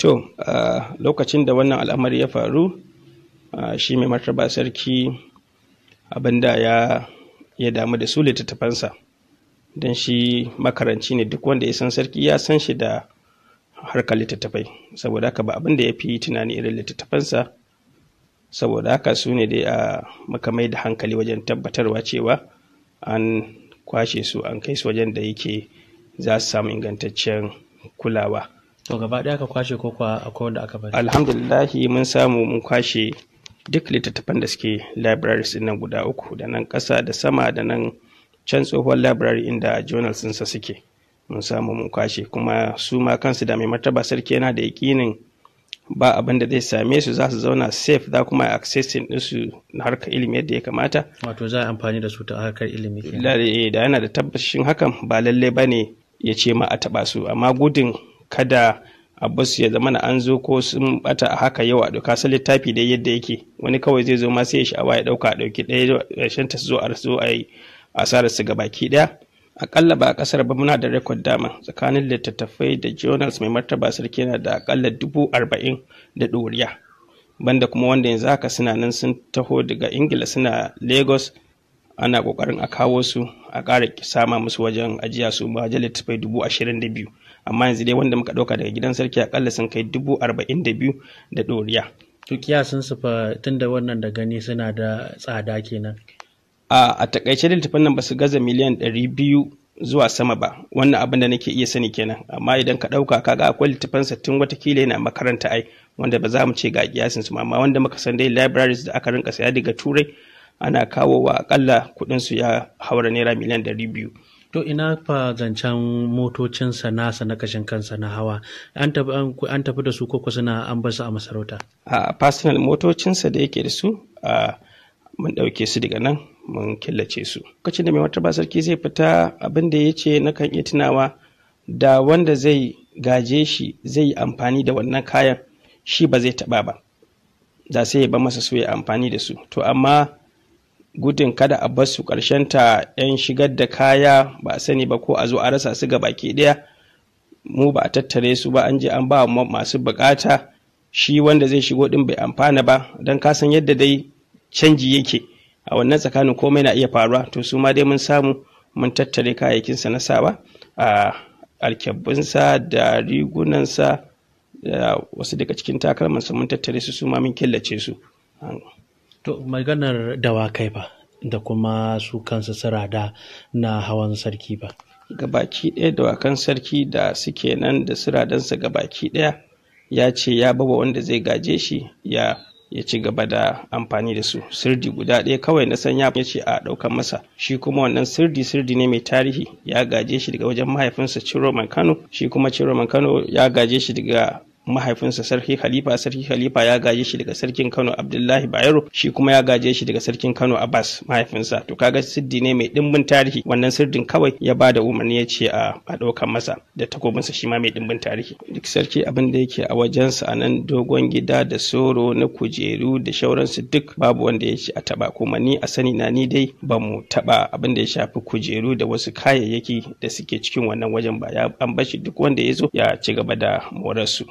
to lokacin da wannan al'amari ya faru shi mai martaba sarki abinda ya ya damu da su littattafansa don shi makaranci ne duk wanda ya san sarki ya san shi da harkar littattafai saboda haka ba abinda ya fi tunani irin littattafansa saboda haka su ne dai a mai da hankali wajen tabbatarwa cewa an kwashe su an kai su wajen da yake za su samu ingantaccen kulawa. to gaba ɗaya ka kwashe ko kuwa akwai wanda aka bari alhamdulillah mun samu mun kwashe duk littattafan da suke libraries nan guda uku da nan ƙasa da sama da nan can tsohuwar library inda journals sa suke mun samu mun kwashe kuma su ma kansu da mai martaba sarki yana da yakinin ba abin da zai same su za su zauna safe za kuma accessing ɗinsu na harkar ilimi yadda ya kamata wato za a amfani da su ta harkar ilimi eh, da yana da tabbashin hakan ba lallai ba ne ya ce ma a taɓa su amma gudun kada su ya zama an zo ko sun bata a haka yau a doka san littafi dai yadda yake wani kawai zai zo ma sai ya sha'awa ya dauka a dauki ɗaya rashin ta zo a zo a yi asarar su gabaki ɗaya akalla ba a kasar ba muna da rekod dama tsakanin littattafai da journals mai martaba sarki yana da akalla dubu arba'in da ɗoriya banda kuma wanda yanzu haka suna nan sun taho daga ingila suna lagos ana kokarin a kawo su a ƙara sama musu wajen ajiya su ma littattafai dubu ashirin da biyu amma yanzu dai wanda muka ɗauka daga gidan sarki akalla sun kai dubu arba'in da biyu da ɗoriya. to sun su fa tunda wannan da gani suna da tsada kenan. a takaice littafin nan ba su gaza miliyan ɗari biyu zuwa sama ba wannan abin da nake iya sani kenan amma idan ka ɗauka kaga akwai tun sattin watakila yana makaranta ai wanda ba za mu ce ga kiyasin su amma wanda muka san dai libraries da aka rinka saya daga turai ana kawowa akalla kuɗin su ya haura naira miliyan ɗari biyu To ina fa zancen motocinsa nasa na kashin kansa na hawa an tafi da su ko suna an basu a masarauta? A personal motocinsa da yake da su a mun ɗauke su daga nan mun killace su. Lokacin da mai wata ba sarki zai fita abin da ya ce na kan iya tunawa da wanda zai gaje shi zai yi amfani da wannan kayan shi ba zai taɓa ba. Da sai ya ba masa su ya amfani da su. To amma gudun kada a bar basu ta 'yan shigar da kaya ba a sani ba ko a zo a rasa su ga baki ɗaya mu ba a tattare su ba an je an ba masu bukata shi wanda zai shigo ɗin bai amfana ba don kasan yadda dai canji yake a wannan tsakanin komai na iya faruwa to su ma dai mun samu mun tattare kayayyakin sa na sawa a alkyabbinsa da rigunansa da wasu daga cikin takalmansa mun tattare su su ma mun killace su. To maganar dawakai ba da kuma su kansu sirada na hawan sarki ba. Gabaki ɗaya dawakan sarki da suke nan da siradansa gabaki ɗaya ya ce ya baba wanda zai gaje shi ya ya ci gaba da amfani da su sirdi guda ɗaya kawai na san ya ce a ɗaukan masa shi kuma wannan sirdi sirdi ne mai tarihi ya gaje shi daga wajen mahaifinsa Ciro Kano shi kuma Ciro Kano ya gaje shi daga mahaifinsa sarki khalifa sarki khalifa ya gaje shi daga sarkin kano abdullahi bayero shi kuma ya gaje shi daga sarkin kano abbas mahaifinsa to kaga siddi ne mai dimbin tarihi wannan sirdin kawai ya ba da umarni ya ce a ɗaukan masa da takobinsa shi ma mai dimbin tarihi duk sarki abin da yake a wajen a nan dogon gida da soro na kujeru da shauransu duk babu wanda ya ce a taba kuma ni a sani na ni dai ba mu taba abin da ya shafi kujeru da wasu kayayyaki da suke cikin wannan wajen ba ya an bashi duk wanda ya zo ya ci gaba da morarsu